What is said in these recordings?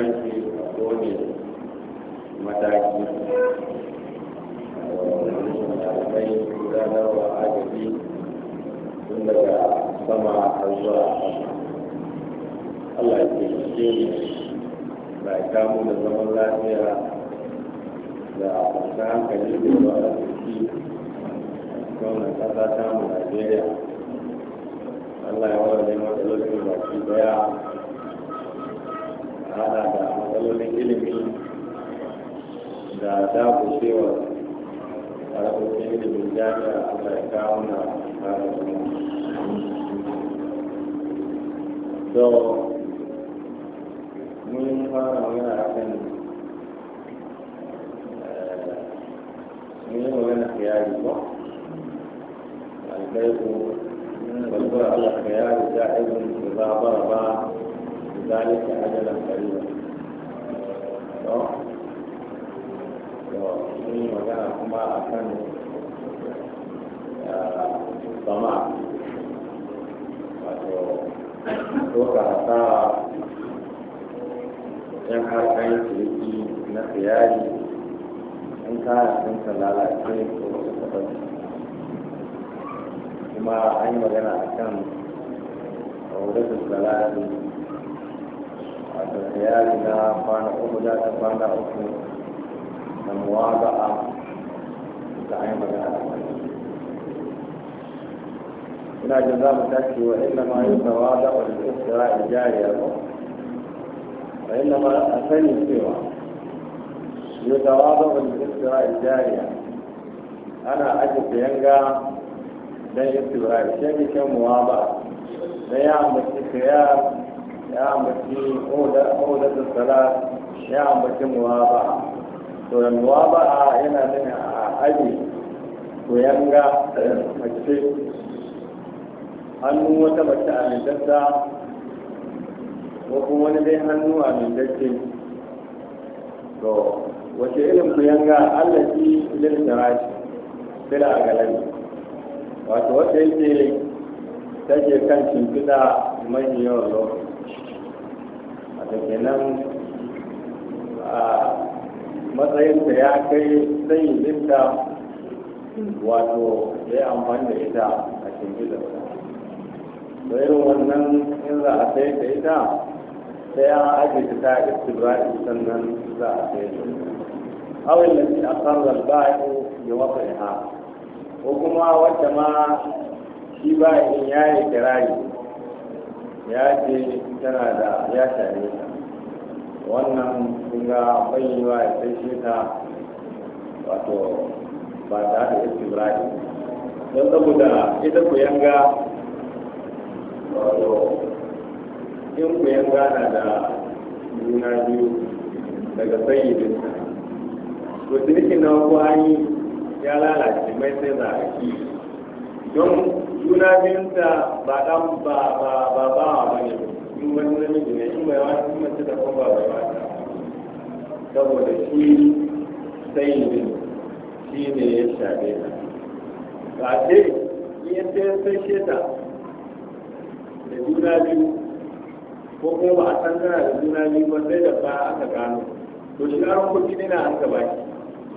kan shi a kowane mataki malamai gudanarwa agaji tun daga sama har zuwa Allah ya taimake mu ba ya kamu da zaman lafiya da kwanta hankali da zuwa a jiki a wannan ƙasa ta mu Najeriya Allah ya wara ne matsalolin baki daya hada da matsalolin ilimi da dakushewa a rahoton ilimin jami'a Allah ya kawo na kare so mun fara magana a kan eh, mun yi magana kiyari ko alkaiku balbar Allah kiyari ja'ibin da za a ba ذلك أجلا قريبا yi magana kuma wato doka hasara yan harkar na yari, in kara sun ka kuma an yi magana a kan wadatar wato tsayari gida kwana uku da ta kwana uku da muwaza'a da an yi magana da ina jin za mu tashi wa inda ma yi tsawa da wani tsira a jariya ba wa inda ma a sani cewa yi tsawa da wani tsira a jariya ana ajiye tsayanga don yi tsira a shi ne kyan muwa ba don ya ambaci tsayar ya ambaci ƙoda da salat ya ambaci muwaba to da muwaba yana nuna a aji to yanga mace hannu wata mace a mintarsa ko kuma wani dai hannu a mintarsa to wace irin ku yanga allah ki lil firashi bila a galari wato wata yake take kan shimfiɗa mai yawan lokaci da nan, a matsayinta ya kai sai zinta wato ya yi amfani da ita a gida da irin wannan in za a sai da ita sai an ajiye ta istibra'i sannan za a sai da ita awin da ke asarar ba'i ya wafa ha ko kuma wacce ma shi ba'in ya yi kirari ya ce tana da ya shafe ta wannan kunga bayyana ya sai ta wato ba ta da istibrari don saboda ita ku yanga wato in ku yanga na da juna biyu daga sayyidin to tirikin na ku an ya lalace mai sai za a ki don juna biyunta ba dan ba ba ba ba ba ne in wani namiji ne in bai wani mace da kuma ba bai ta? saboda shi sai ne shi ne ya shafe ta ba ce in ya sai sai she ta da juna biyu ko kuma ba a san tana da juna biyu ba sai da ba aka gano to shi an kuɗi ne na an baki.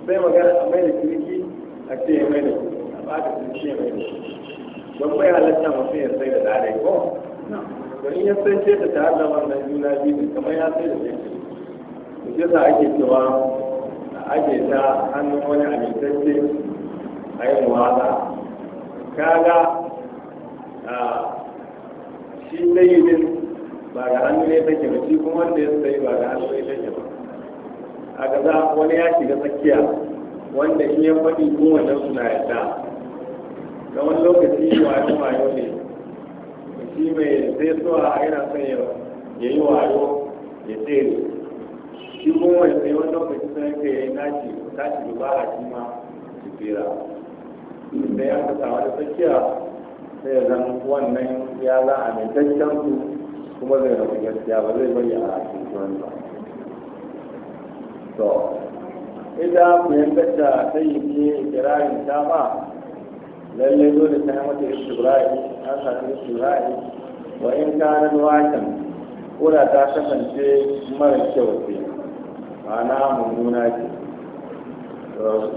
sai magana a mai da kirki a ce mai da kuɗi a ba da kirki mai da kuɗi don bai halatta mutum ya sai da tare ko Don in ya sai ce da tare da wannan juna biyu kamar ya sai da sai ce yasa ake cewa a ake ta hannun wani amintacce a yin wata kaga shi sai din ba da hannu ne take ba shi kuma wanda ya sai ba da hannu ne take ba a gaza wani ya shiga tsakiya wanda in ya faɗi kowanne suna yadda da wani lokaci wayo wayo ne shi mai zai so a yana son ya yi wayo ya tsere shi kuma mai sai wani lokaci sai ka yi naci tashi duba a shi ma su fira sai ya samu wani tsakiya sai ya zan wannan ya za a mai su kuma zai rabu gaskiya ba zai bari a cikin ba to ita ku yanka ta yi ne kirarin ta ba lallai dole ta mata istibra'i an sami istibra'i wa in kana wakan koda ta kasance mara kyau ce ma'ana mummuna ce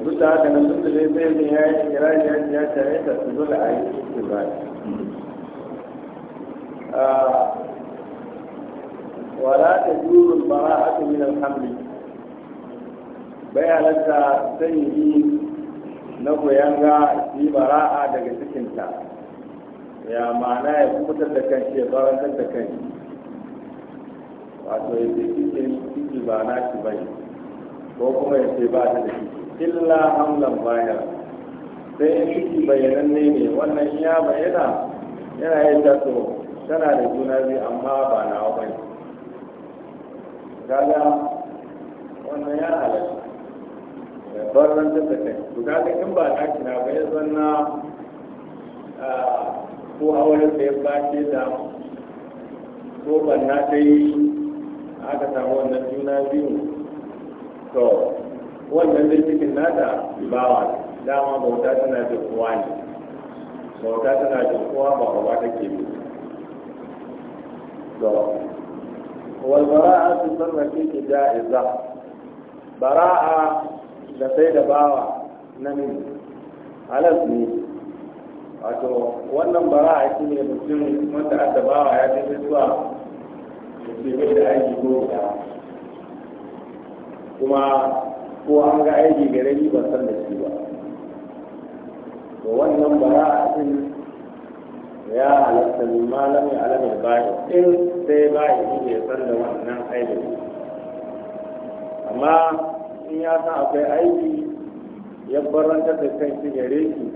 duk da haka na duk da zai zai ya yi kirari ya ya tare ta su dole a yi istibra'i wala ta juru bara'atu min alhamdi bai halatta sai yi na ga yi bara'a daga cikinta ya ma'ana ya kubutar da kan shi ya barantar da kan shi wato ya ce cikin ciki ba na shi bai ko kuma ya ce ba ta da ciki illa hamlan baya sai in ciki bayanan ne ne. wannan ya bayyana yana yin taso tana da juna biyu amma ba na bai kaga wannan ya halatta da barin da kai to ga in ba na kina ba ya zanna ko auren da ya bace da ko ban na ta yi aka samu wannan juna biyu to wannan da cikin nata bawa dama bauta tana da kowa ne bauta tana da kowa ba kowa ke bi to wal bara'atu sarrafi jaiza bara'a da sai da bawa na halas ne wato wannan bara shi ne mutum wanda da bawa ya fi zuwa bai da aiki ko ya kuma ko an ga aiki gare ni ban san da shi ba to wannan bara din ya halatta min malami alamin bayi in sai bayi ne san da wannan aiki amma in ya san akwai aiki ya barantar da kan shi gare shi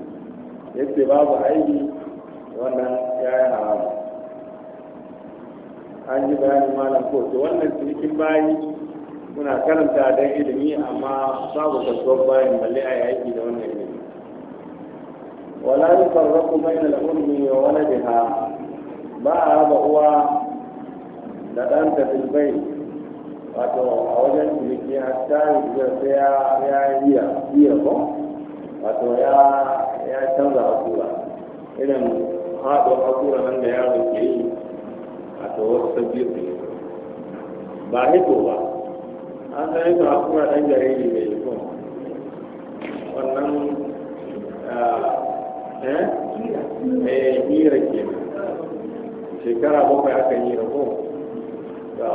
ya ce babu aiki wannan ya yi haramu an ji bayani malam ko to wannan cikin bayi muna karanta don ilimi amma babu kasuwar bayan balle a yaki da wannan ilimi wala yufarraqu bayna al-ummi wa waladiha ba a raba uwa da ɗanta fil bai. wato a wajen ciniki hatta rigar sai ya iya iya ko wato ya ya canza hakura irin haɗo hakura nan da yaro ke yi wato wasu sabbi ba hito ba an san hito hakura ɗan jariri mai yi ko wannan eh yi eh, hira ke shekara bakwai aka yi rako da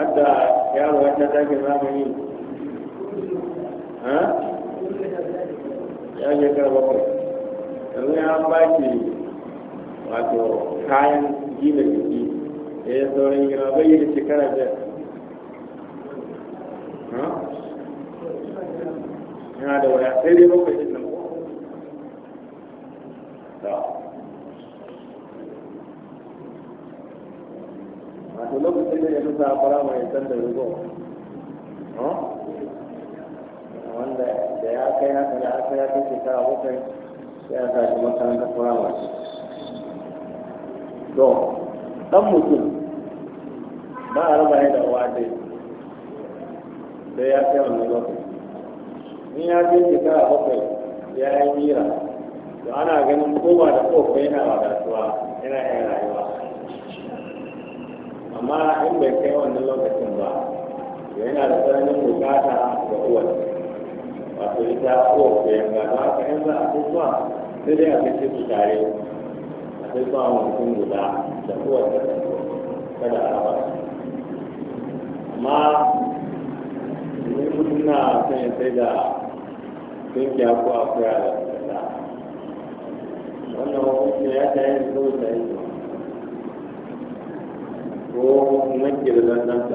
hadda yaro wata take zamani ha ya je karba ku yanzu ya ba ki wato kayan gina jiki da ya sauran gina bai yi da shekara biyar yana da waya sai dai bakwai shi nan ko lokacin da ya nusa fara mai san da rugo wanda da ya kai haka da aka ya kai shekara bakwai sai ya sa shi makaranta firamare to dan mutum ba a raba da uwa dai sai ya kai wannan lokaci in ya kai shekara bakwai ya yi mira to ana ganin ko ba da kofa yana wadatuwa yana yin rayuwa amma in bai kai wannan lokacin ba yana da tsananin bukata ga uwar wato ita uwar ko yanga gaba ka in za a fi suwa sai dai a fi su tare a fi suwa mutum guda da uwar ta kada a ba amma ni mutum na son sai da tunkiya ko akwai a da wannan hukunci ya ta yin saboda kuma ke da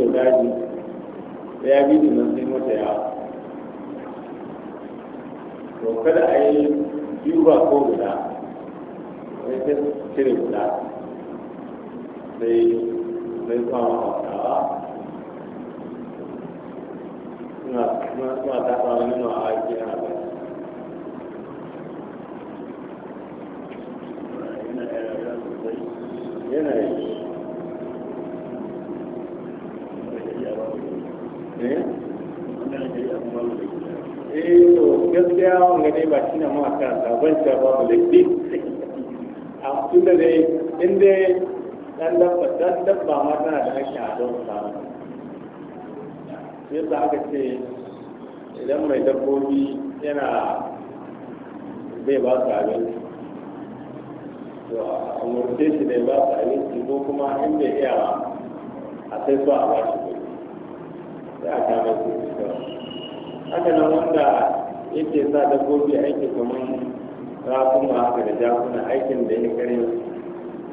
o daji da ya bi nan sai mata yawa to kada a yi biyu ko guda sai ta cire guda sai sai kwama suna ta a aiki na gaskiya wanga dai ba shi na ma karanta ban ba mu laifi a tunda dai in dai dan dabba dan dabba ma tana da hakki a don sa yadda aka ce idan mai dabbobi yana zai ba su abinci to a murce shi ne ba su abinci ko kuma in bai iya a sai su a ba shi kuɗi sai a kama su haka nan wanda yake sa dabbobi aiki kamar rafin haka da jakuna aikin da ya kare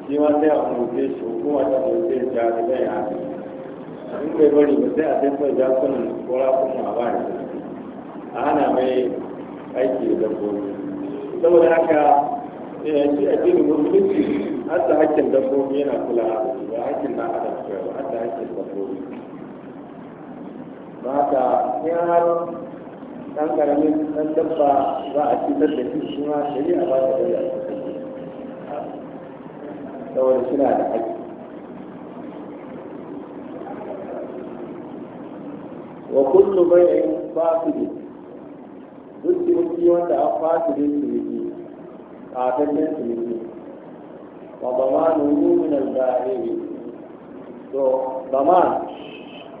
shi ma sai a umarce shi hukuma ta umarce shi da zai ya haka in kai bari ba sai a taifar jakunan ko rafin ma ba ne a hana mai aiki da dabbobi saboda haka eh, shi a jini musulunci hatta hakkin dabbobi yana kula da hakkin na adam kawai hatta hakkin dabbobi ba haka ya ɗan ƙaramin ɗan dabba za a cutar da shi shi ma a ba ta ɗaya saboda suna da haƙƙi wa kullu bai'in fasidin duk ciniki wanda an fasidin ciniki ƙatannen ciniki wa min al ba'i to zaman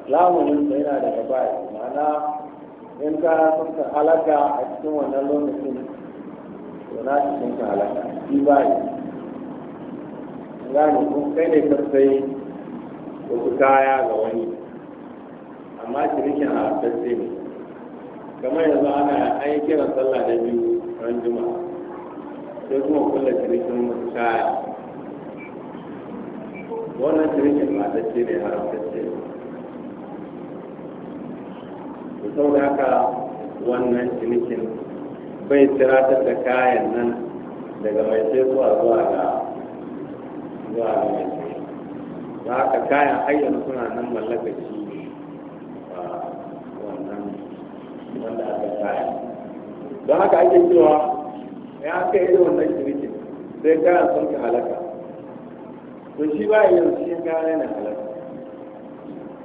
lamunin yana daga ba'i ma'ana in ka sun ka halaka a cikin wannan lokacin to na shi sun ka halaka shi ba yi ne? kun kai ne ka sai wasu kaya ga wani amma shirikin a sassi ne kamar yanzu ana an yi kiran sallah da biyu ran juma'a sai kuma kulla shirikin wasu kaya wannan shirikin ba sassi ne haramtacce ne da haka wannan cinikin bai tiratar da kayan nan daga mai sai zuwa zuwa ga zuwa ga mai sai za ka kayan ayyana suna nan mallaka shi wannan wanda aka kayan don haka ake cewa ya aka yi wannan cinikin sai kayan sun ka halaka to shi ba yin shi kayan yana halaka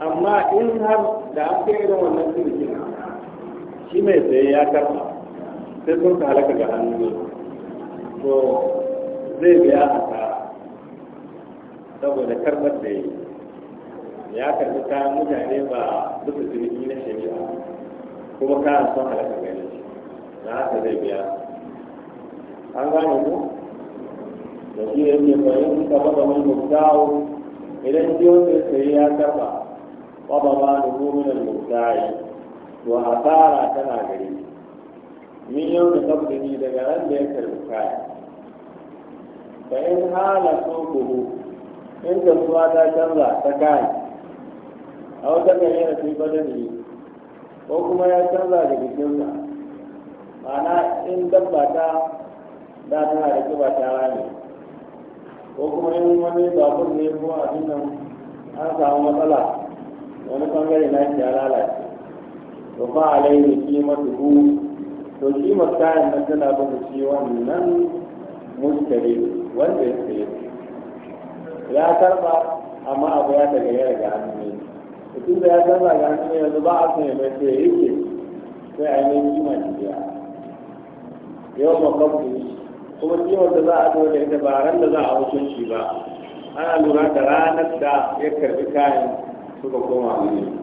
amma in har da aka yi wannan cinikin shi mai tsaye ya karba sai sun ka halaka ga hannu ne to zai biya a ta saboda karbar da yi ya karfi ta mutane ba duka jirgi na shari'a kuma kayan sun halaka ga shi na haka zai biya an gane ku da shi da ke bayan suka bada mai mutawo idan jiyo sai ya ba ba da gomunan mutawo to hasara tana gare shi min yau da kabdini daga ran da ya karbi kaya Da in hala buhu in suwa ta canza ta kaya a wata gare da sai ne ko kuma ya canza da bikin jikinsa ma'ana in dabba ta da tana da kiba ta rame ko kuma in wani babur ne ko abin nan an samu matsala wani bangare na shi ya lalace to ba alaihi qimatuhu to kimar kayan nan tana bada shi wannan muskari wanda ya tsaye ya karba amma abu ya daga ya ga hannu ne tun da ya karba ga hannu yanzu ba a son ya mai sai yake sai a yi mai kima jiya yau ma kafin kuma kimar da za a zo da ita ba ran da za a shi ba ana lura da ranar da ya karbi kayan suka koma hannu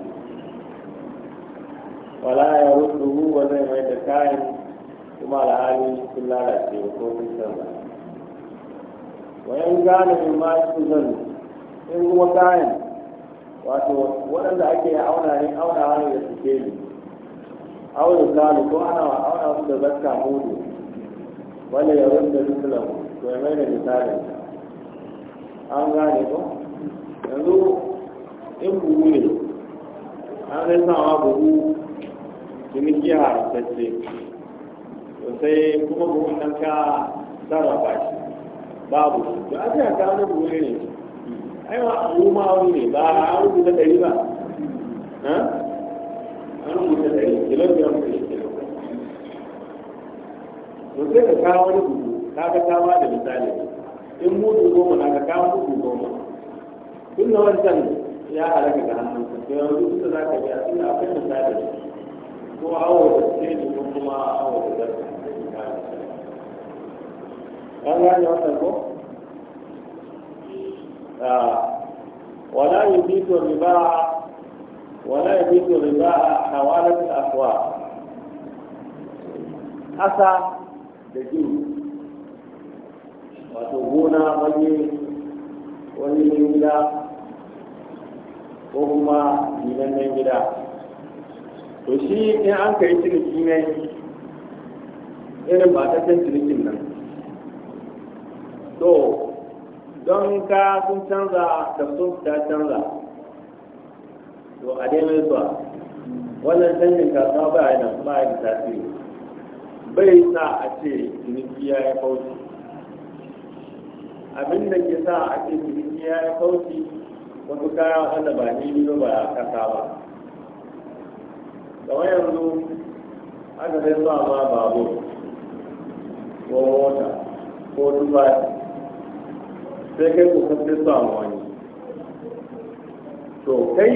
wala ya rudu ba zai mai da kayan kuma alhali sun lalace ko sun canza wayan gane min ma su zan in kuma kayan wato waɗanda ake auna ne auna wani da suke ne auna zalu ko ana auna su da zakka mudu wanda ya rudu misalan to ya mai da misalin an gane ko yanzu in buhu ne an zai sawa buhu ciniki haramtacce sosai kuma buhun nan ka sarrafa shi babu shi to aka yaka wani buhu ne ai ma buhu ma wani ne ba a da ɗari ba ha? an rubuta ɗari kilo da ɗari kilo sosai ka kawo wani buhu ka ga kama da misali in mutu goma na ka kawo mutu goma tun na wancan ya halaka ga hannunsa to yanzu da za ka biya tun da akwai misali ko hawa da ce ne ko kuma hawa da zaka an gane wannan ko ولا يبيت الرباع ولا يبيت الرباع حوالة الأسواق أسا دجين وتبونا غني ولمن gida ko kuma gidan nan gida to shi in an kai ciniki ne irin ba ta can cinikin nan to don ka sun canza da sun ta canza to a dai mai zuwa wannan canjin sa ba ya da ba ya da tasiri bai sa a ce ciniki ya yi kauci abin da ke sa a ce ciniki ya yi kauci wasu kaya wanda ba ni ba kasa ba kamar yanzu aka sai sa ma babur ko mota ko dubai sai kai kusan sai sa ma wani to kai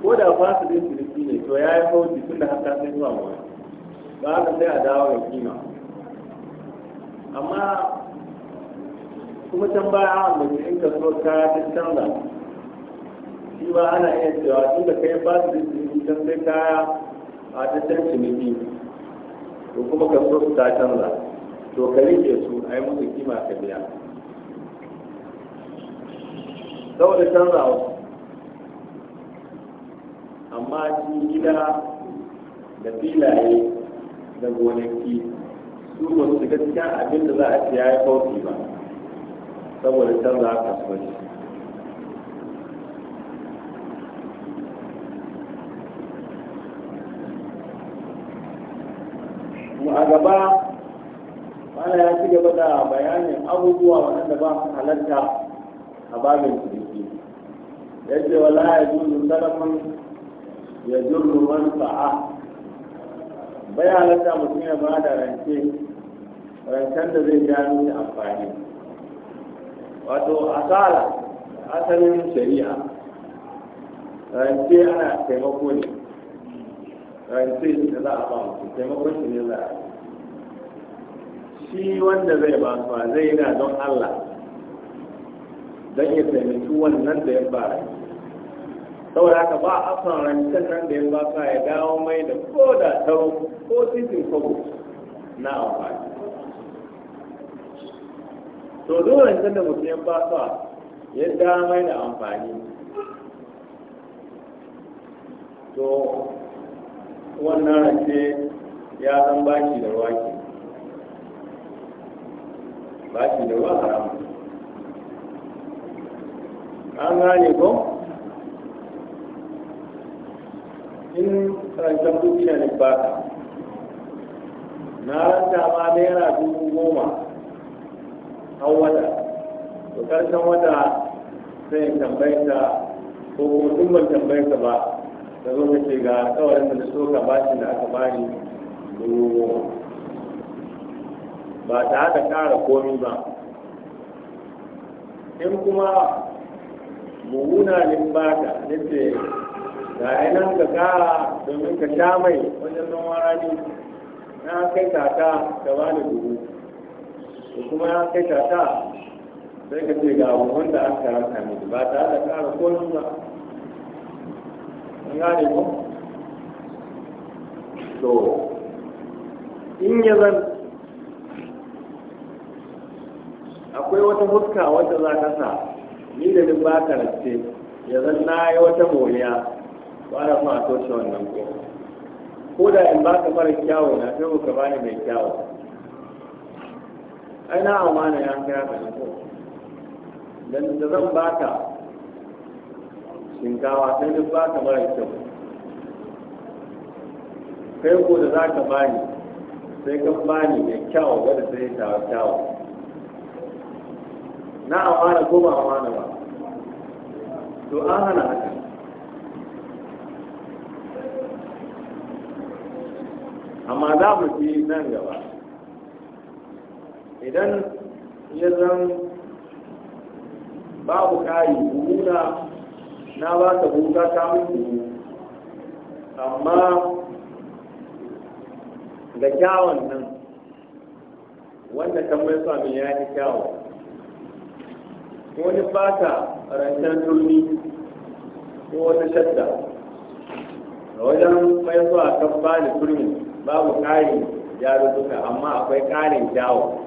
ko da fasu din ciniki ne to ya yi kauci tun da haka ta sai zuwa wani ba haka sai a dawo da kima amma kuma can baya a mutum in ka so ka ta canza shi ana iya cewa tun da kai ba su can sai kaya a cikin ciniki to kuma ka so su ta canza to ka rike su a yi musu kima ka biya saboda wasu amma shi gida da filaye da gonaki su ba su shiga cikin abin da za a ce ya yi kauti ba saboda canza kasuwanci gaba mana ya ci gaba da bayanin abubuwa waɗanda ba su halatta a babin ciniki ya ce wala ya juzu zarafin ya jurru man sa'a bai halatta mutum ya ba da rance rancen da zai ja ni amfani wato asara asalin shari'a rance ana taimako ne rance da za a ba mutum taimakon shi ne za a yi shi wanda zai ba su zai yana don Allah don ya taimaki wannan da ya ba saboda haka ba a son rancen nan da ya ba su ya dawo mai da ko da tau ko titin kogo na amfani to duk rancen da mutum ya ba su ya dawo mai da amfani to wannan rance ya zan baki da waki ba shi da ruwa haram an gane ko in karantar kuɗi na ba na ranta ma naira dubu goma an wata to karshen wata sai tambayin tambayinta ko kuma tun ban ba da zo ce ga kawarin da na soka bashin da aka bani dubu goma ba ta da kara komi ba in kuma muguna limbata baka nufi ga ka kara domin ka sha mai wajen nan warani na kai tata ta ba da dubu da kuma ya kai tata sai ka ce ga abubuwan da an karanta miki ba ta da kara komi ba an gane ko to in yi zan akwai wata muska wacce za ka sa ni da duk ba ka race ya zan na yi wata moriya ba da kuma a toshe wannan ko ko da in ba ka mara kyawu na sai ka bani mai kyawu ai na amana ya kai ka na ko dan da zan ka shinkawa sai duk ka mara kyau kai ko da za ka bani sai ba bani mai kyawo wadda sai ta kyawo na amana ko ba amana ba to an hana haka amma za mu fi nan gaba idan ya zan babu kayi buhuna na ba ka buka ta mutu amma ga kyawun nan wanda kan mai sami ya kyawun wani fata rancen turmi ko wata shadda a wajen mai zuwa kan bani turmi babu ƙari jaruttuka amma akwai ƙarin jawo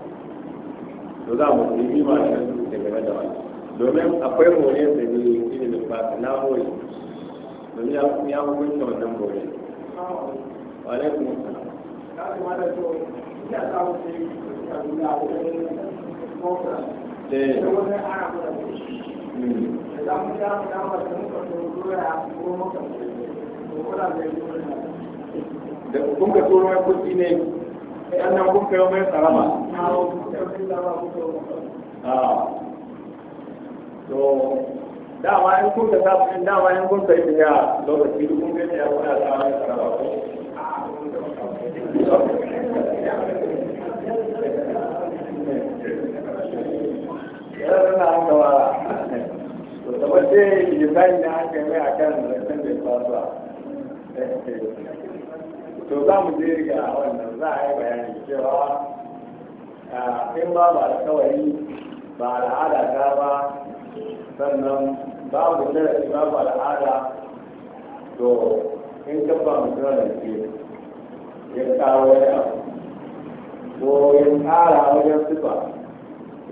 to za mu yi ma da su da game da wani domin akwai more da ne ilimin baka na more domin ya hukunta wannan more wa alaikum assalam ya kamata samu sai ya nuna a wajen da kun ka turo mai kuɗi ne annan kun kai mai tsarama ah. to dama in kun ka samu N'a dama in kun ya, biya lokaci kun gani ya kuna tsarama ko yawon na haka ba to da wace ibrahim da haka mai a kan zancen da ya fasuwa to za mu je ga wannan za a yi bayani cewa in ba ba alkawari ba al'ada ta ba sannan babu darasi babu al'ada to in ka ba mutum da ke ya kawo wani ko ya kara wajen sifa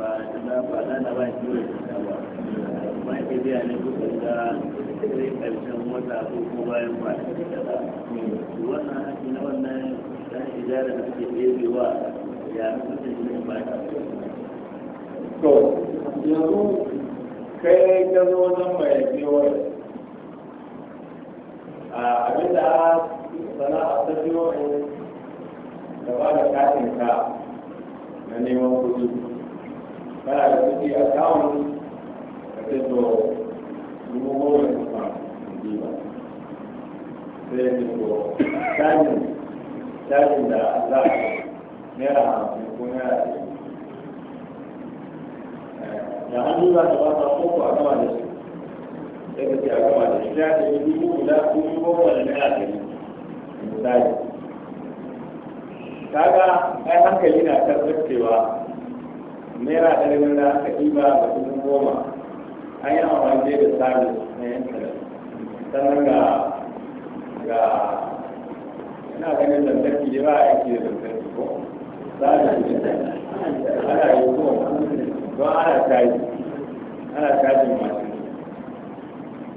ba na ba na na ba ki da ba ba ki biya ne ku da sai karshen wata ko ko bayan ba wannan haƙi na wannan dan idara da suke ɗebewa ya mutum ne ba to yanzu kai ka zo wajen mai biyo a abinda a ta biyo da ba da katin na neman kuɗi kana da a kawun ka ce to dubu goma ne kuma ji ba sai ya ce to tashin tashin da za a naira ta eh, ba a gama da shi sai ka ce a gama da shi ta ce dubu guda dubu kaga ai hankali na karɓar naira ɗari nan da aka ɗiba da kudin goma an yi amfani da sami na yankin sannan ga ga ina ganin lantarki ya ba a aiki da lantarki ko sami ana yi ko don ana caji ana cajin masu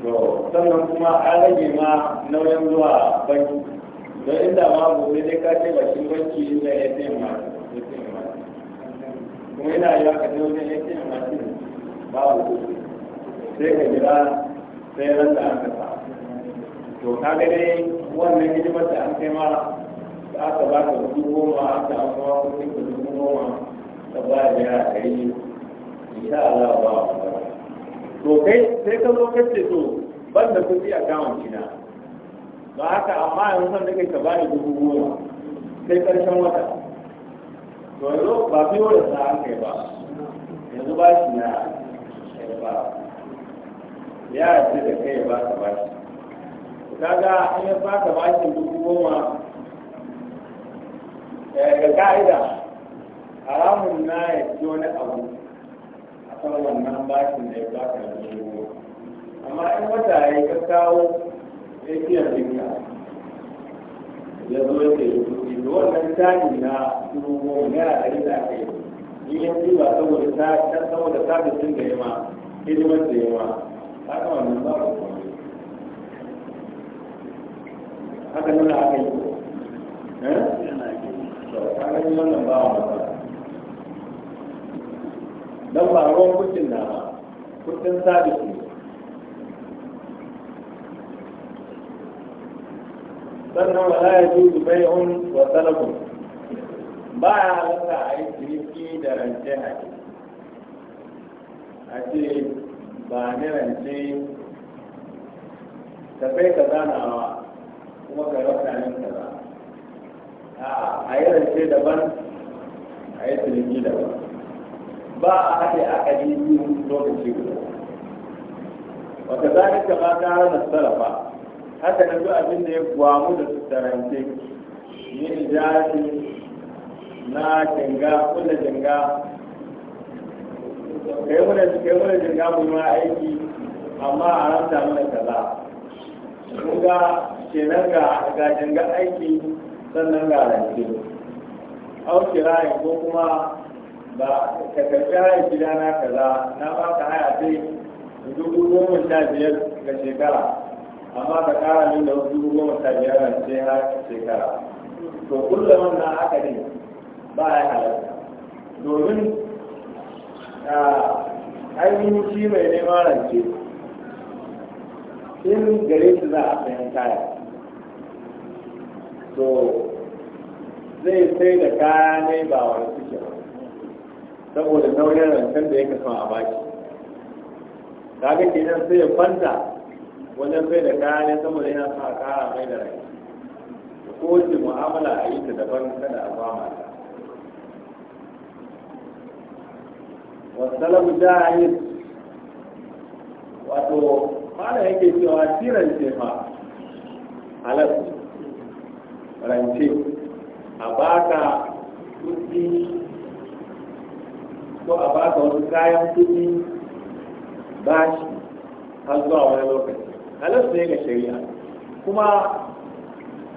to sannan kuma an rage ma nauyin zuwa banki don inda ma gobe dai ka ce bakin banki inda ya taimaka kuma yana yi ka je wajen yankin mashin babu sai ka jira sai ran da aka sa to ka ga dai wannan hidimar da an kai mara da aka ba ka dubu goma aka an kuma kuɗin ka dubu goma ka ba da yara ɗari insha Allah ba wa to kai sai ka zo kace to ban da kuɗi a gawon gida ba haka amma yanzu san da kai ka ba ni dubu goma sai ƙarshen wata yanzu ba biyo da sa an ba yanzu ba shi na ba ya da ba ba shi kaga ba ba shi dubu goma eh, ga ka'ida haramun na ya ci wani abu a kan wannan bashin da ya ba ka da dubu amma in wata ya yi ka ya fiye da ya zo ya ke da wannan na dubu naira ɗari da aka yi ya ba saboda ta saboda da hidimar da yawa ta kama min ba ku haka nuna aka yi ko eh? yi wannan ba wa ba don ba ruwan na sannan wala ya juzu bai'un wa salakun ba ya halatta a yi ciniki da rance haƙi a ce ba ni rance ka kai ka wa kuma ka rasa nan ka za a yi rance daban a yi ciniki daban ba a haɗe a ƙadi biyu lokaci guda wata zalika ba ta hana salafa haka na duk abin da ya gwamu da su tarance yin jari na jinga kula jinga kai muna kai muna janga mu ma aiki amma a ranta mana kaza mun ga kenan ga ga jinga aiki sannan ga rance au yi ko kuma ba ka karbi haya na kaza na ba ka haya sai dubu goma sha biyar ga shekara amma ka kara min da wasu goma sha biyar a cikin shekara to kullum wannan haka ne ba ya halatta domin ainihin shi mai neman rance in gare shi za a sayan kaya to zai sai da kaya ne ba wani suke ba saboda nauyin rancen da ya kasa a baki kaga kenan sai ya kwanta wajen bai da kayan saboda yana sa kara mai da rai ko wace mu'amala a yi ta daban kada a ba ma ta wasalamu jahil wato fara yake cewa shi rance ma halas rance a baka kuɗi ko a baka wasu kayan kuɗi bashi har zuwa wani lokaci halas ya ga shari'a kuma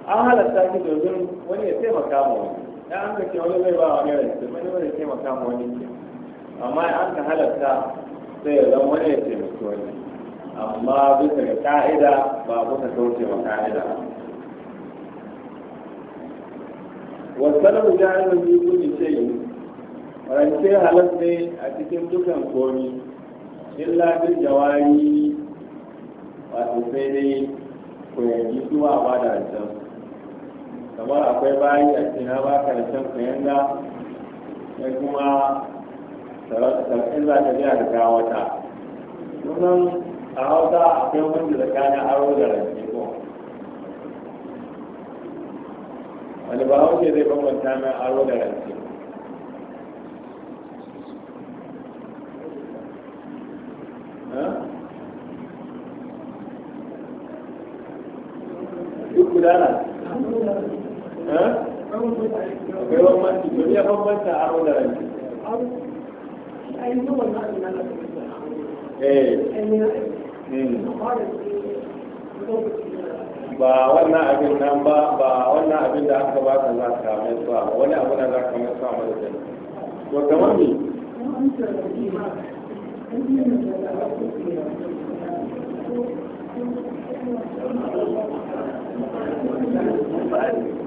an halatta shi domin wani ya taimaka ma wani ya an kace wani zai ba wani rai wani zai taimaka ma wani ke amma an ka halatta sai ya zama wani ya taimaka wani amma bisa ga ka'ida ba kusa kauce ma ka'ida wasanar jami'in yi kuni ce yi rance halas ne a cikin dukan komi illa bin jawari wato sai dai ku yanki zuwa ba da rancen kamar akwai bayi a cikin ba ka rancen ka yanga sai kuma sarkin za ta biya da wata sunan a hausa akwai wanda tsakanin aro da rance ko wani ba hausa zai bambanta min aro da rance a ba wannan abin nan ba ba wannan abin da aka ba ka za ka mai a wani abu na za ka mai a madadin to kamar Thank you.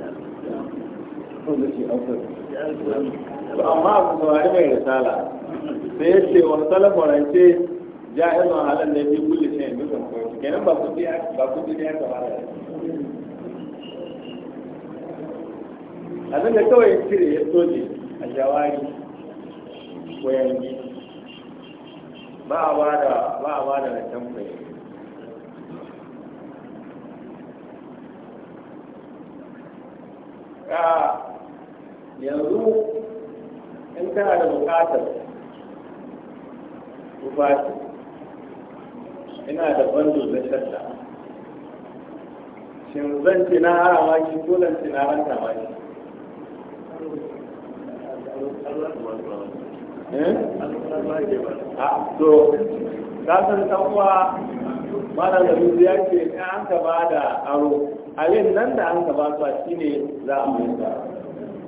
amma abu mai risala sai ya ce wani salon halar da fi kulle shi kawai kenan ba kudi ba kudi ya kamata abin da kawai cire ya soje a jawari ba a ba da ba a ba da yanzu in kana da bukatar tufafi ina da bando na shadda shin zan ce na harama shi ko zan ce na ranta ma shi eh? to kasan tabuwa malam da mutu ya ce an ka ba da aro abin nan da an ka ba su shine za a mai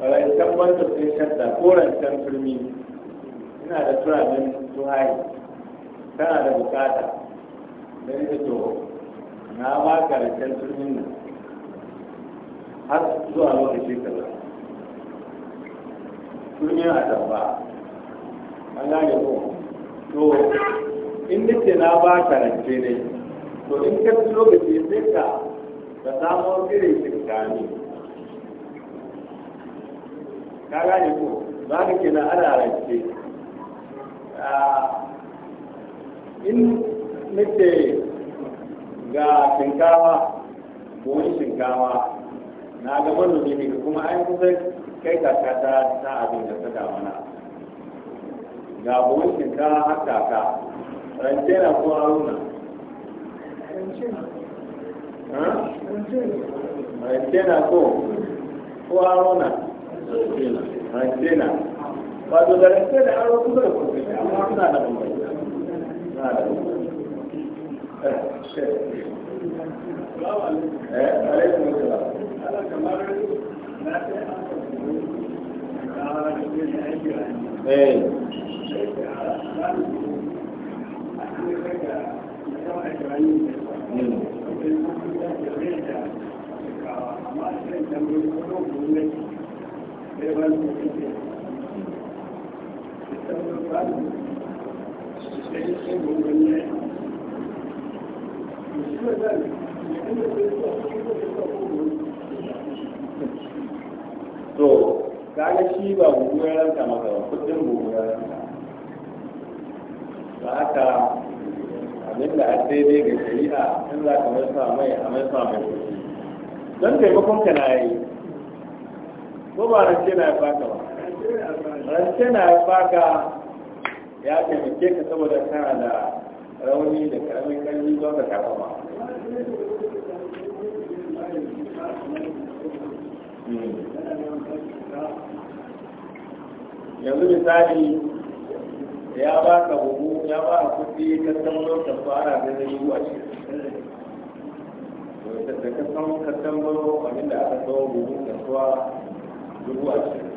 wala tabbar da sai shadda korantar turmi ina da turamin tuhari tana da bukata da ita to na ba karshen turmin nan har zuwa lokaci kaza turmin a tabba an gane ko to in nace na ba karance ne to in ka lokaci sai ka ka samu irin shirkani ka gane ko ba ka kenan ana rance in nake ga shinkawa buhun shinkawa na ga manomi ne kuma an kusa kai kaka ta ta abin da ta damana ga buhun shinkawa har kaka rance na ko haruna rance na ko ko haruna rantena wato da rantena da aro kusa da kuma amma suna da bambanci suna da bambanci eh alaikum assalam ala kamar na ta eh Mm. to kaga shi ba gugurar ta maka ba kudin gugurar ta ba haka abin da har sai dai ga shari'a in za ka mai sa mai a mai sa mai don taimakon ka na yi ko ba rance na ya baka ba rance na ya baka ya taimake ka saboda kana da rauni da karamin kanji zuwa ka kafa ba hmm. yanzu misali ya ba ka buhu ya ba a kuɗi ka san ka fara da zai yi wace da ka san ka san abinda aka tsawo buhu kasuwa dubu ashirin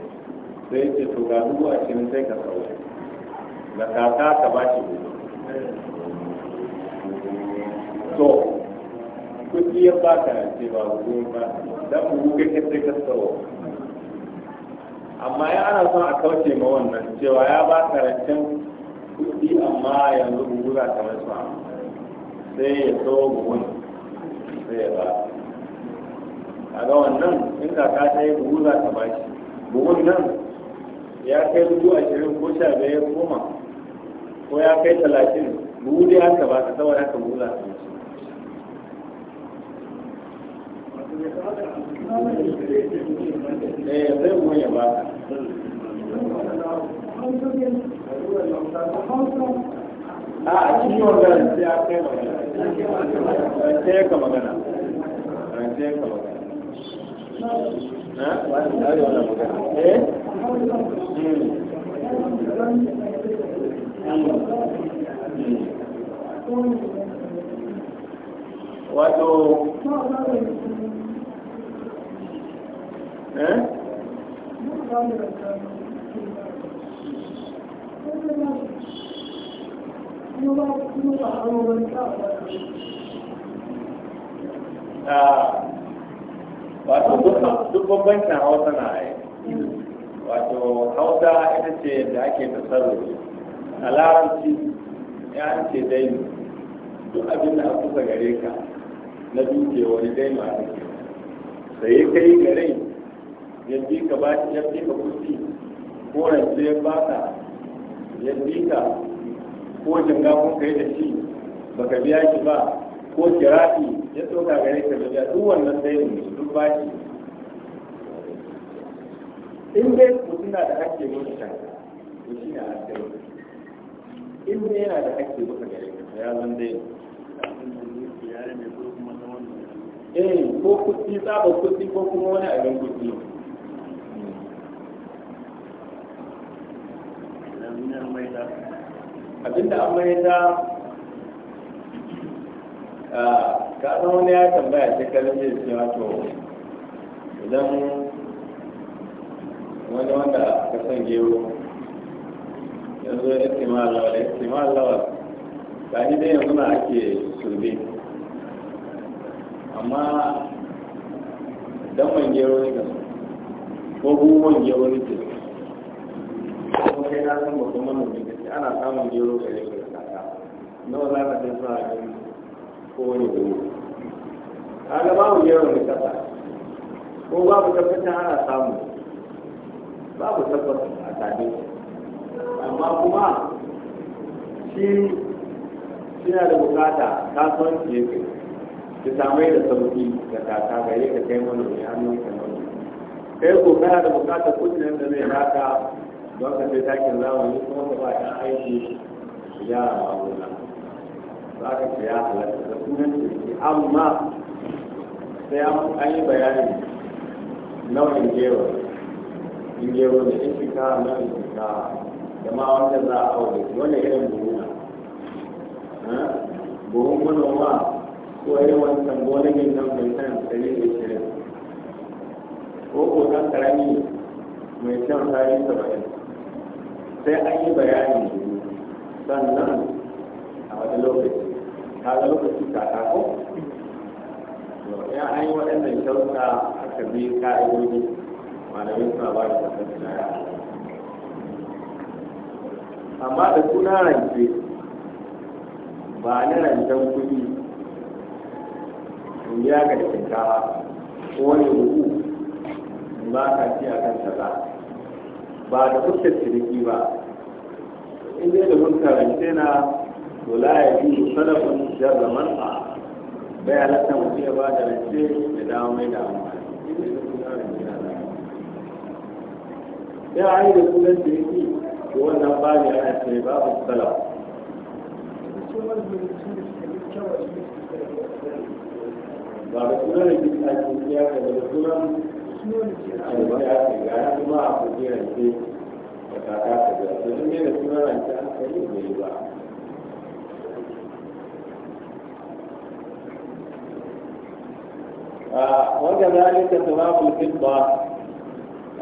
sai ce to ga dubu ashirin sai ka sauya da kaka ka ba shi dubu to kuɗi ya baka ce ba buhu ba dan buhu kake sai ka sauya amma ya ana son a kauce ma wannan cewa ya ba ka rancen kuɗi amma yanzu buhu za ta rasu sai ya so buhun sai ya ba a ga wannan in ka ta yi buhu za ka bashi buhun nan ya kai dubu ashirin ko sha biyar koma ko ya kai talatin buhu dai haka ba ka saboda haka buhu za ka bashi eh zai mu ya ba ka a cikin wannan sai ya kai magana sai ya kai magana sai ya ka magana Eh? wato Uh, wato duk bambancin hausa na yi wato hausa ita ce da ake tasarrufi a larabci ya ce dainu duk abin da kusa gare ka na duke wani dainu a cikin sai ya kai gare ya bi ka ba ya bi ka kusi ko rance ya baka ya bi ka ko janga kun kai da shi baka biya shi ba ko kirafi ya tsoka gare ka biya duk wannan dainu ne bashi in dai mutum da ake mutu ta, to shi na hakki in dai yana da hakki mutu gare ka ya zan dai eh ko kuɗi tsaba kuɗi ko kuma wani abin kuɗi abinda an mai ta ah, ka san wani ya tambaya shekarun jiya cewa to idan wani wanda ka san gero yanzu ya istimar lawal ya ma lawal ba ni dai yanzu na ake surbe amma dan man gero ne ka ko man gero ne ke ko kai na san babban manomi ne ana samun gero ka yake da kaka nawa za ka je sa a ko wani gero ka ga babu gero ne kasa ko babu tabbacin ana samu babu tabbacin a same amma kuma shi suna da bukata kasuwanci yake ki samai da sauki da kaka gare ka kai mana mai hannun ka nan kai ko kana da bukata kudin da zai raka don ka sai takin zamani kuma ka ba ta aiki yara maguna za ka ce ya halatta da sunan amma sai an yi bayanin nau'in gero in gero da in shekara nau'in shekara da ma wanda za a aure wanda irin buhuna buhun manoma ko irin wancan gonakin nan mai san ɗari da shirin ko ko ɗan ƙarami mai san sari saba'in sai an yi bayani sannan a wani lokaci kaga lokaci kaka ko ya an yi waɗannan sharuɗa aka bi ka'idodi malamai suna ba da tabbacin aya amma da suna rance ba na rancen kuɗi in biya ga da shinkafa ko wani rubu in ba ka ci a kan kaza ba da fuskar ciniki ba in dai da fuskar rance na to la ya bi jar da a bai halatta mutum ya ba da rance da dawo mai da amfani sai a yi da sunan da yake da wannan ba ne ce ba a tsala ba da sunan da ke ta ke ya ka da sunan alba ya ke ga ya kuma a kujera ce da kaka ka ga da sunan da sunan rance an kai ne ba wanda zalika tumamul fitba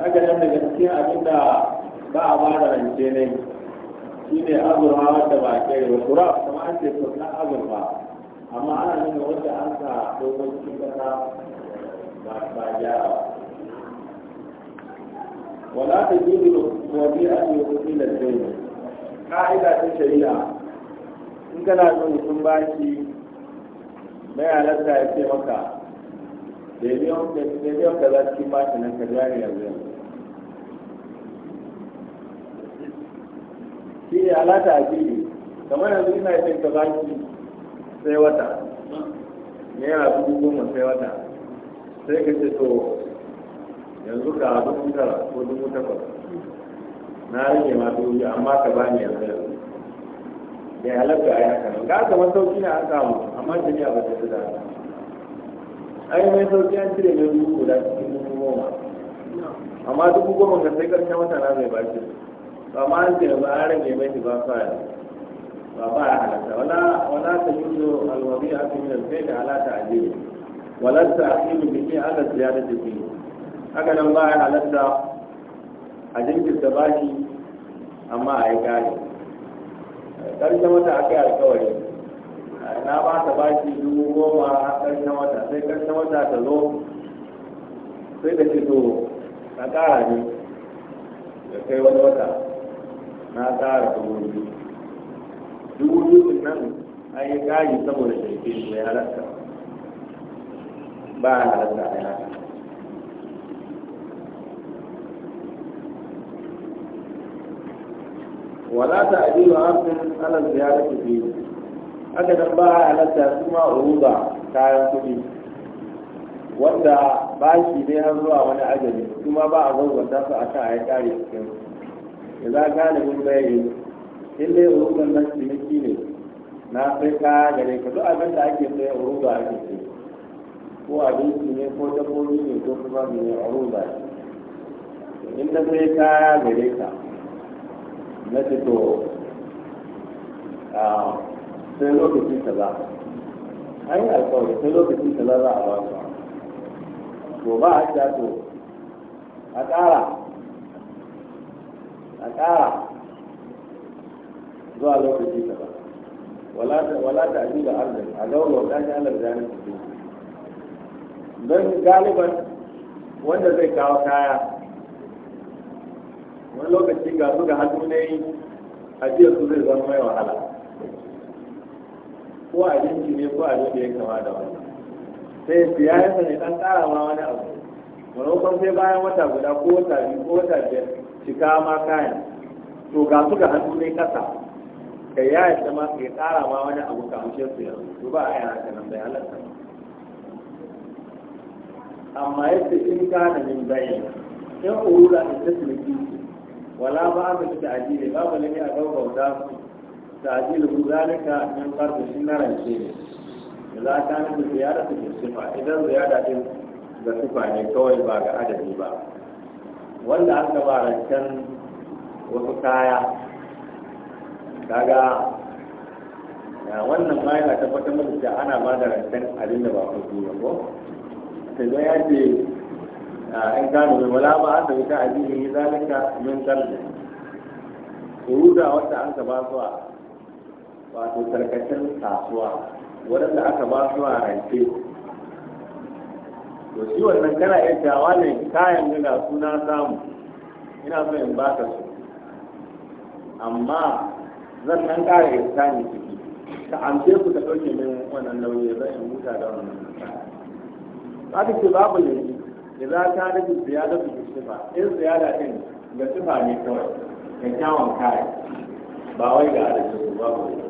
haka nan daga cikin abin da ba a ba da rance ne shine azurwa wanda ba a yi ba kuma an ce na azurwa, amma ana nuna wanda an sa dogon cikin kasa ba ba gyara wala ta jibi wani a yi kuɗi da zai ka'ida ta shari'a in kana son mutum shi mai halatta ya ce maka da biyan ka za cikin bashi nan ka jari yanzu yanzu shi alata a fili kamar yanzu ina yin ka sai wata naira dubu goma sai wata sai ka ce to yanzu ka dubu tara ko dubu takwas na rage ma dubu amma ka bani yanzu yanzu da ya halatta a yakan ga kamar sauki ne an samu amma jami'a ba ta fi ai mai sauki an cire mai dubu guda cikin dubu goma amma dubu goma ka sai karshen wata na mai bashi ba ma an cire ba an rage mai ba fa ba ba a halatta wala wala ta yuzu alwabi a cikin alfai da halatta a jiri wala ta akilu biki ala siya da fi haka nan ba a halatta a jinkirta bashi amma a yi gari karshen wata a kai alkawari na ba ta baki dubu goma a ƙarshen wata sai ƙarshen wata ta zo sai da ce to na ƙara ne da kai wani wata na ƙara dubu biyu dubu biyu nan an yi ƙari saboda shirke mai halatta ba a Wala a halatta ولا تعديل عبد على الزيادة فيه haka nan ba a halatta su ma uruba kayan kuɗi wanda ba shi ne har zuwa wani ajali kuma ba a gwagwata su a kan a ya kare cikin ya za ka da mun bayani in dai uruban nan ciniki ne na afirka kaya gare ka duk abin da ake sai uruba ake sai ko abinci ne ko dabbobi ne ko kuma ne uruba in da sai kaya gare ka na fito sai lokaci kaza an yi alkawari sai lokacin ta za a ba su to ba a ta to a ƙara a ƙara zuwa lokacin ta ba wala ta ji da arziki a gaunar ta ji alar jani su don galiban wanda zai kawo kaya wani lokaci ga su ga hannu ne jiya su zai zama mai wahala ko abinci ne ko abin da ya kama da wani sai siyasa ne dan kara ma wani abu maimakon sai bayan wata guda ko wata biyu ko wata biyar shiga ma kayan to ga su ga hannu ne kasa ka ya yi ma ka kara ma wani abu ka su yanzu ba a yi haka nan bai halatta amma yadda in gane min bayyana in urura da tasirki wala ba a ka ci da ajiye babu ne a gaba da su تعجيل ذلك من قرض النار الشيء إذا كانت الزيادة في السماء إذا زيادة ga sifa ne kawai ba ga adadi ba wanda an gaba rancen wasu kaya daga wannan ma yana tabbatar mata da ana ba da rancen abin da ba kuɗi ba ko sai ya ce gano mai wala ba an da wuta a zalika min ruda wata an gaba zuwa wato karkashin kasuwa waɗanda aka ba su a rance to shi wannan kana iya jawa ne kayan ga suna samu ina so in baka su amma zan ɗan ƙara ihsani ciki ka amce ku ka ɗauke min wannan nauyi zan in huta da wannan za ka ce babu ne idan ta rage ziyada su sifa in ziyada ɗin ga sifa ne kawai kyawun kaya ba wai ga adadin su babu ne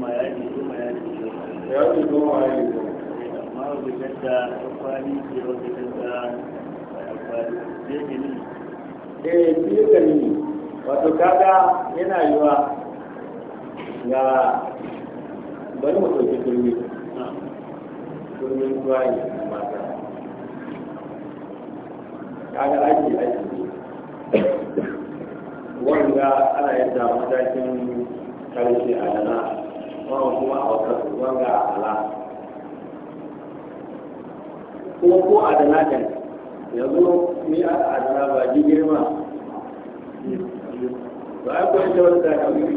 ma ya ji kuma eh, ya ji ya ya ji amma wajen da amfani ke eh biyu gani wato kaga yana yiwa ga bari mu ɗauki turmi turmin ruwa ne mata kaga aji aji wanda ana yadda matakin karshe a yana wanda kuma a wata wanda a ala kuma ko a dana kan yanzu ni a adana ba ji girma ba a kwanci wanda ya kawai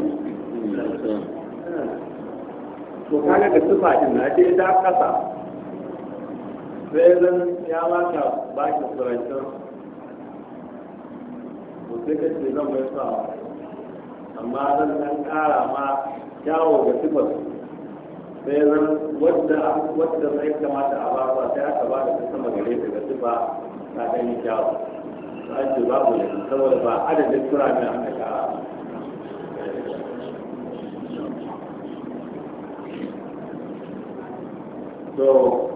to kaga da sufa din na ce ta kasa sai zan ya mata ba ki tsorancin to sai zan mai sawa amma zan dan kara ma kyawo da sifar sai zan wadda wadda sai kamata a ba sai aka ba da ta sama gare ta ga sifa ta yi kyawo ce saboda ba adadin kara So,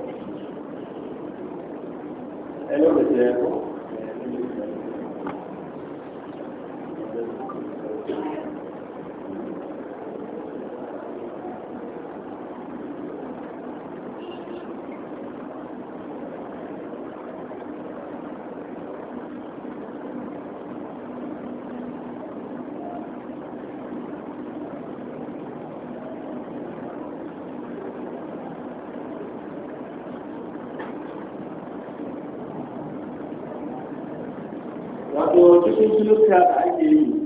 I know the example. wato cikin shirka da ake yi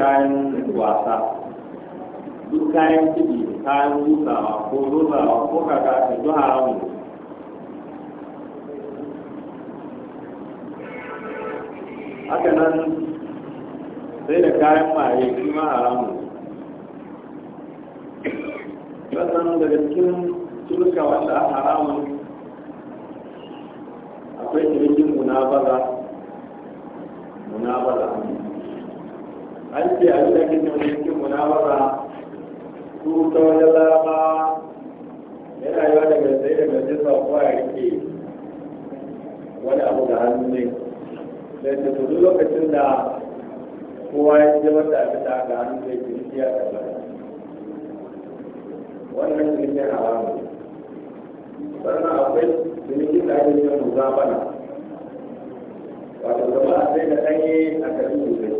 kayan wasa duk kayan kiɗi kayan rusawa ko rusawa ko kaga da duk haramun haka nan sai da kayan maye shi ma haramun sannan daga cikin turka wanda haramun akwai cinikin munabaza munabaza an ce a yi da kin tafi cikin munawara su ta wani lama yana yawa da sai daga jisa ko a rike wani abu da hannu ne da ta tuzu lokacin da kowa ya ce wata abin da aka hannu zai kirki ya tabbata wannan kirkin haramu sannan akwai kirkin da ake yin muzabana wato zama a sai da ɗanye a karfi sosai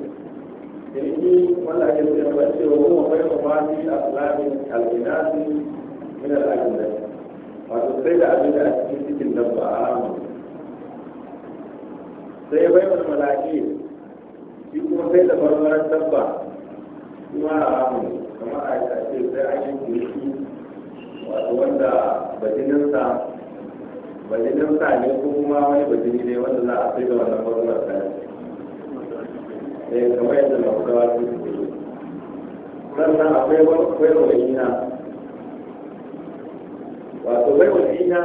yanzu ake ba ce wa kuma bai a da wato sai da a cikin kuma a a sai an yi wanda bajininsa bajininsa ne ko kuma wani bajini ne wanda za a sai da wannan farmarar eh kamar yadda laukawa su ke sannan akwai waiwa ina wato waiwa ina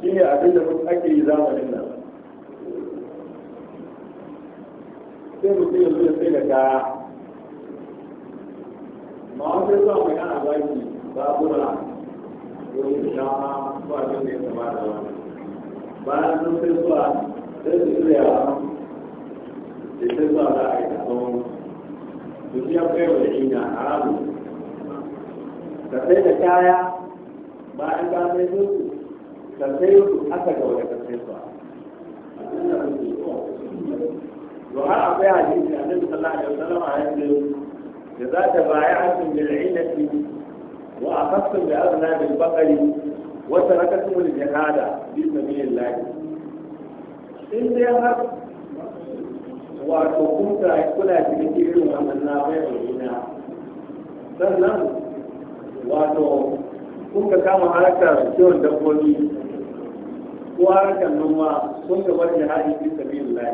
shi ne abin da ake yi zamanin nan sai mutum yanzu ya sai da kaya ma wasu zuwa mai ana baki babura wurin shama ko da ya kama da wani bayan sun sai zuwa sai su ka baiwa da ina haramu ka sai da kaya bayan ka sai su ka sai su aka ga wani ka sai su to har akwai hadisi nan sallallahu alaihi wasallam a yanzu da za ta baya asin bil ilati wa a aqastum da aznab al baqari wa tarakatum al jihada bi sabilillah in dai har wato kun kuna cikin irin wannan na bai juna sannan wato kun ka kama harkar kiwon dabbobi ko harkar noma kun ka bar jihadi fi sabilillah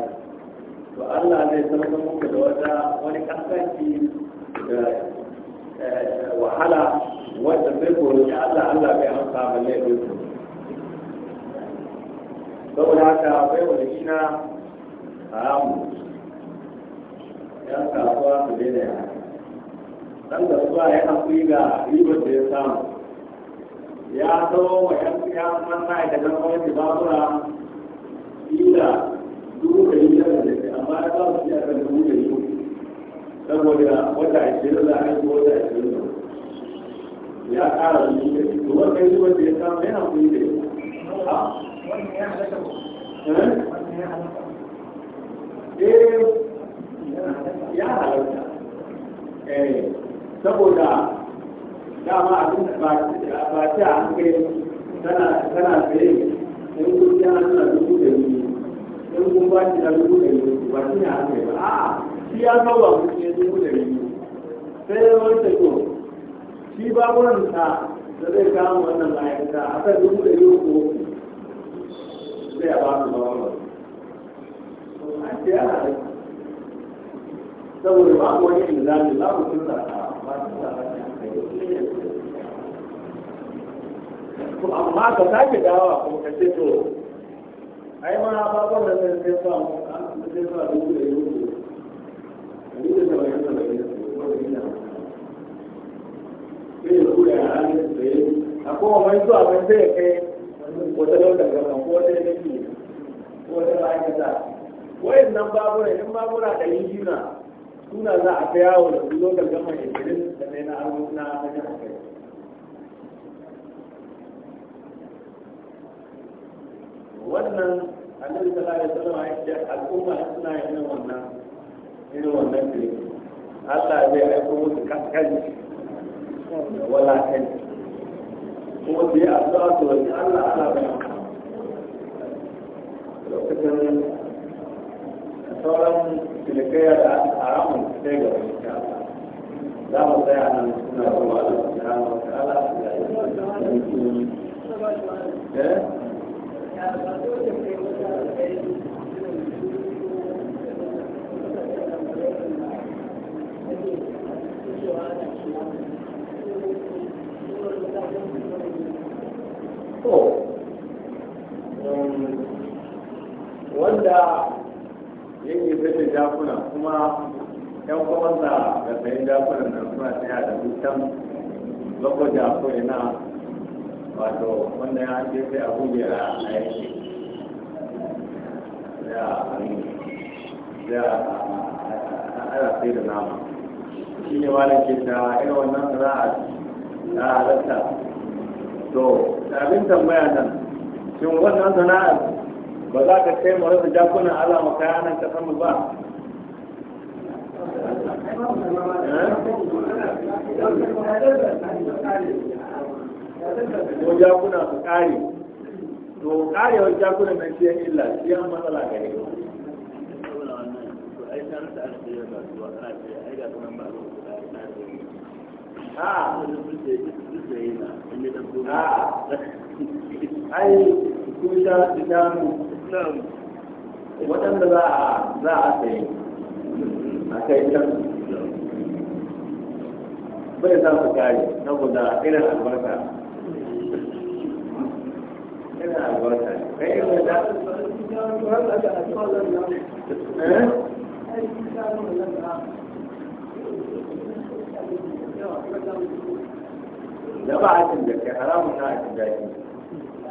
to Allah zai sanar muku da wata wani kasance da eh, wahala wanda sai koroki Allah Allah bai amsa ba ne saboda haka bai wani ina haramu yan kasuwa su daina ya dan da suwa ya haƙuri ga ribar da ya samu ya zo wa yan yan manna da nan wani babura ila dubu da yi yana da ke amma ya samu shi a kan dubu da yi saboda wata ashirin da an yi wata ashirin da ya ƙara da yi to wanda ya ribar da ya samu ya da yi ya halatta eh ya halarta eh, saboda dama abin ba ta hankali tana tana tsaye in kun ji ana dubu da ni in kun ba shi na dubu da ni ba shi ne hankali ba a shi ya zo ba kun ce dubu da ni sai ya wani ta to shi ba wurin ta da zai kama wannan bayan ta a kan dubu da ni ko zai ba su ba wannan an ce saboda a wani ilzami babu kusa to amma ka sake dawa kuma ka ce to ai ma babban da sai sai sa mu an sai sa dubu da yau ne da da wani da wani da sai da kula a hannun da yau a kowa mai zuwa mai zai kai wata daular gaba ko wata yanki ko wata ma'aikata wayan nan babura in babura ɗari biyu na suna za a fi yawo da su lokal gama shekarun da ɗaya na arzu na hanyar kai wannan annabi sallallahu alaihi wasallam ya ce al'umma suna yin wannan irin wannan ne Allah zai aiko musu kaskanci wala walakanci kuma su yi zuwa su wani Allah Allah bai lokacin sauran cinikayya da haramun su ga wani za mu tsaya nan suna zuwa da su hana wata ala da wanda yake zai da jakuna kuma yan kwaban da ga sayin jakunan nan suna tsaya da dukkan lokoja ko ina wato wanda ya ce sai a gujera a yanki ya a ana sai da nama shi ne ma da ke ta irin wannan za a halatta to abin tambaya nan shin wannan sana'ar ba za ka kai mara da jakunan ala makayanan ka samu ba ko jakuna su kare to karewar jakunan nan shi yan illa shi yan matsala gare ai kun sha idanu waɗanda za a za a sayi a kai can bai za su kare saboda irin albarka irin albarka kai irin da da ba a cin da ke haramun na a cin da ke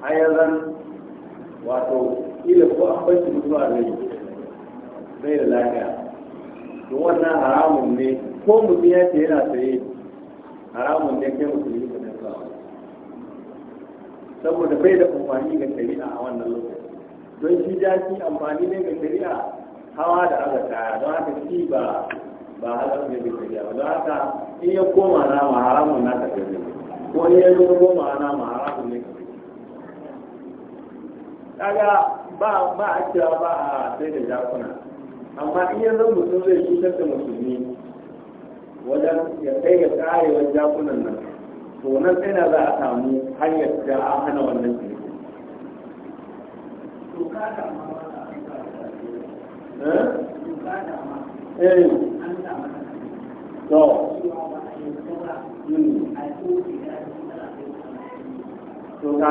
hayazan wato ila ko an bai mutum a rai bai da lafiya to wannan haramun ne ko mutum ya ce yana saye haramun ne kai musulmi ka ba, saboda bai da amfani ga shari'a a wannan lokaci don shi shi amfani ne ga shari'a hawa da aka kaya don haka shi ba ba halar ne ga shari'a ba don haka in ya koma ma haramun na ka ko in ya zo koma ma haramun ne ka kaga ba ba a cewa ba a sai da jakuna amma in yanzu mutum zai cutar da musulmi wajen ya kai ga karewar jakunan nan to nan sai na za a samu hanyar da a hana wannan shi Eh. eh. To. To ka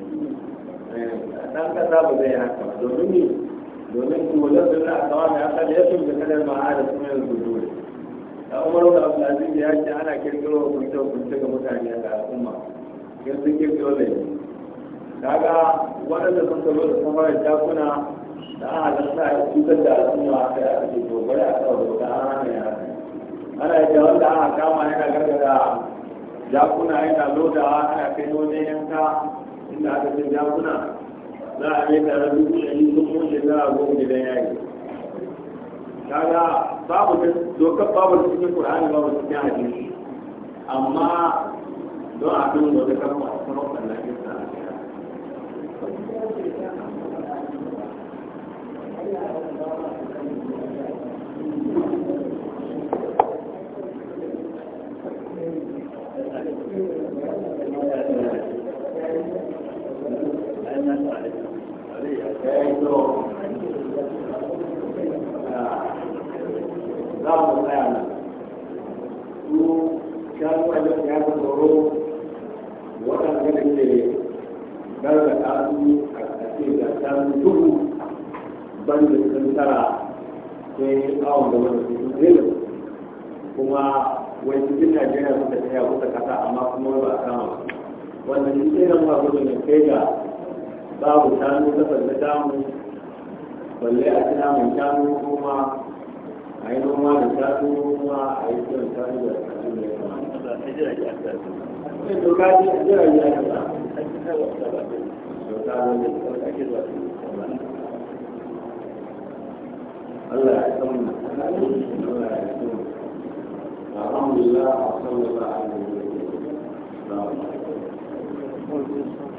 dan kasa ba zai haka ba domin ne domin kuwalar da na akawa mai haka da ya fi da kadar ma'ada kuma yanzu dole da umaru da abdulaziz ya ce ana kirkiro hukunce hukunce ga mutane da al'umma yanzu kirkiro da yi kaga waɗanda sun kalo da da jakuna da an halatta ya cutar da al'umma a kai a cikin dogara a kawo da an hana ya ana yi da wanda aka kama yana gargada jakuna yana loda ana kai wani yanka inda aka ce jakuna za a yi da dubu ɗari sun mun za a goma gidan yayi kaga babu da dokar babu da cikin qur'ani babu cikin hadisi amma don a kan wata kan masu balle a tana mai shanu kuma a yi noma da shanu kuma a yi kiran shanu da shanu da ya kamata. Sai doka ce a jirage a kasa. Doka wani da ake zuwa su. Allah ya san mu. Allah ya san mu. Alhamdulillah, sallallahu alaihi wa sallam.